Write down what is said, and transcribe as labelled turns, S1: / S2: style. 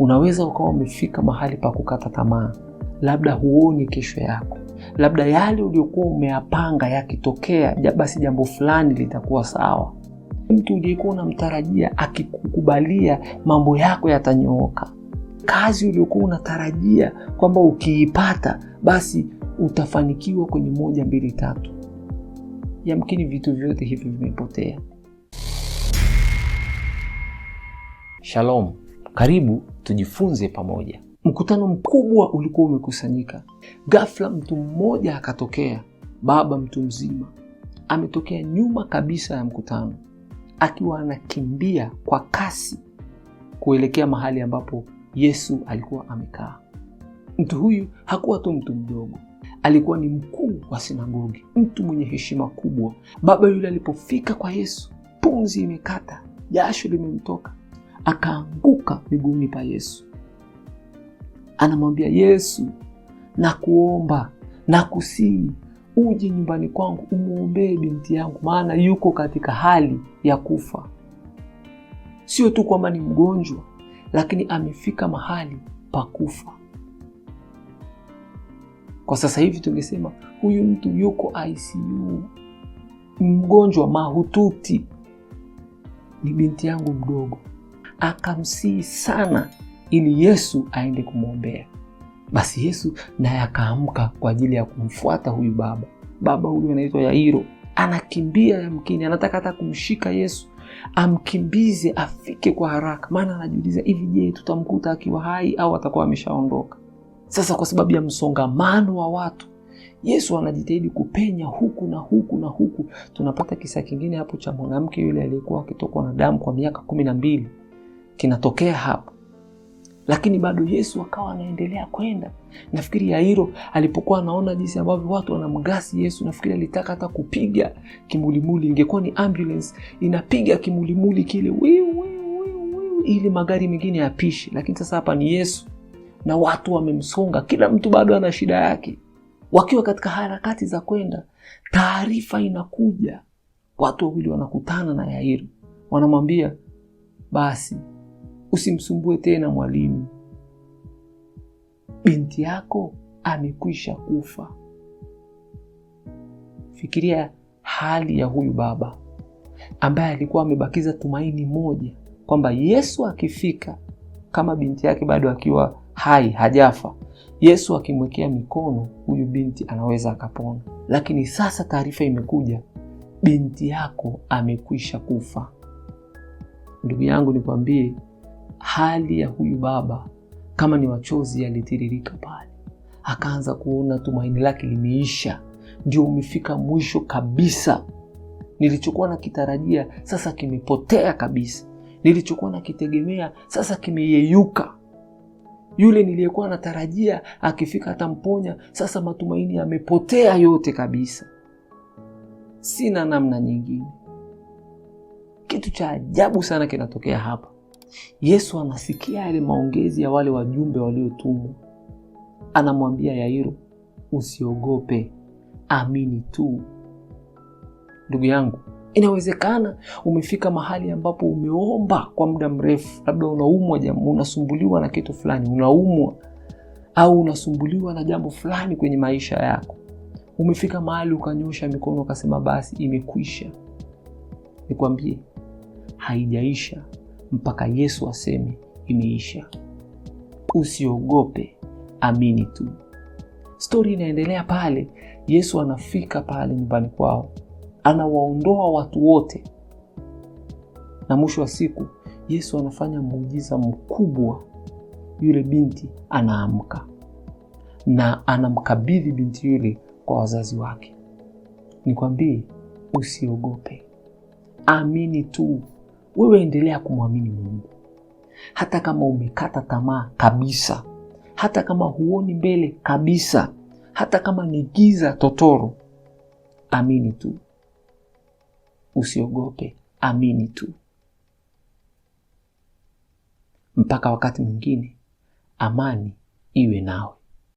S1: Unaweza ukawa umefika mahali pa kukata tamaa, labda huoni kesho yako, labda yale uliokuwa umeyapanga yakitokea, basi jambo fulani litakuwa sawa. Mtu uliyekuwa unamtarajia akikukubalia, mambo yako yatanyooka. Kazi uliokuwa unatarajia kwamba ukiipata basi utafanikiwa kwenye moja, mbili, tatu, yamkini vitu vyote hivi vimepotea.
S2: Shalom. Karibu tujifunze pamoja. Mkutano mkubwa ulikuwa umekusanyika, ghafla mtu mmoja akatokea, baba mtu mzima, ametokea nyuma kabisa ya mkutano, akiwa anakimbia kwa kasi kuelekea mahali ambapo Yesu alikuwa amekaa. Mtu huyu hakuwa tu mtu mdogo, alikuwa ni mkuu wa sinagogi, mtu mwenye heshima kubwa. Baba yule alipofika kwa Yesu, pumzi imekata, jasho limemtoka, akaanguka miguuni pa Yesu. Anamwambia Yesu, nakuomba kusii uje nyumbani kwangu umwombee binti yangu, maana yuko katika hali ya kufa. Sio tu kwamba ni mgonjwa, lakini amefika mahali pa kufa. Kwa sasa hivi tungesema huyu mtu yuko ICU, mgonjwa mahututi. Ni binti yangu mdogo, akamsihi sana ili Yesu aende kumwombea. Basi Yesu naye akaamka kwa ajili ya kumfuata huyu baba. Baba huyu anaitwa Yairo, anakimbia yamkini, anataka hata kumshika Yesu amkimbize afike kwa haraka, maana anajiuliza hivi, je, tutamkuta akiwa hai au atakuwa ameshaondoka? Sasa kwa sababu ya msongamano wa watu, Yesu anajitahidi kupenya huku na huku na huku. Tunapata kisa kingine hapo cha mwanamke yule aliyekuwa akitokwa na damu kwa miaka kumi na mbili kinatokea hapa, lakini bado Yesu akawa anaendelea kwenda. Nafikiri Yairo alipokuwa anaona jinsi ambavyo watu wanamgasi Yesu, nafikiri alitaka hata kupiga kimulimuli. Ingekuwa ni ambulance inapiga kimulimuli kile wiu, wiu, wiu, ili magari mengine yapishe, lakini sasa hapa ni Yesu na watu wamemsonga, kila mtu bado ana shida yake. Wakiwa katika harakati za kwenda, taarifa inakuja, watu wawili wanakutana na Yairo, wanamwambia basi Usimsumbue tena mwalimu, binti yako amekwisha kufa. Fikiria hali ya huyu baba ambaye alikuwa amebakiza tumaini moja kwamba Yesu akifika, kama binti yake bado akiwa hai, hajafa, Yesu akimwekea mikono, huyu binti anaweza akapona. Lakini sasa taarifa imekuja, binti yako amekwisha kufa. Ndugu yangu, nikwambie hali ya huyu baba kama ni machozi yalitiririka pale, akaanza kuona tumaini lake limeisha, ndio umefika mwisho kabisa. Nilichokuwa nakitarajia sasa kimepotea kabisa, nilichokuwa nakitegemea sasa kimeyeyuka. Yule niliyekuwa natarajia akifika atamponya, sasa matumaini yamepotea yote kabisa. Sina namna nyingine. Kitu cha ajabu sana kinatokea hapa. Yesu anasikia yale maongezi ya wale wajumbe waliotumwa, anamwambia Yairo, usiogope, amini tu. Ndugu yangu, inawezekana umefika mahali ambapo umeomba kwa muda mrefu, labda unaumwa jambo, unasumbuliwa na kitu fulani, unaumwa au unasumbuliwa na jambo fulani kwenye maisha yako. Umefika mahali ukanyosha mikono ukasema basi imekwisha. Nikwambie, haijaisha mpaka Yesu aseme imeisha. Usiogope, amini tu. Stori inaendelea pale, Yesu anafika pale nyumbani kwao, anawaondoa watu wote, na mwisho wa siku Yesu anafanya muujiza mkubwa. Yule binti anaamka na anamkabidhi binti yule kwa wazazi wake. Nikwambie, usiogope, amini tu wewe endelea kumwamini Mungu hata kama umekata tamaa kabisa, hata kama huoni mbele kabisa, hata kama ni giza totoro, amini tu, usiogope, amini tu. Mpaka wakati mwingine, amani iwe nawe.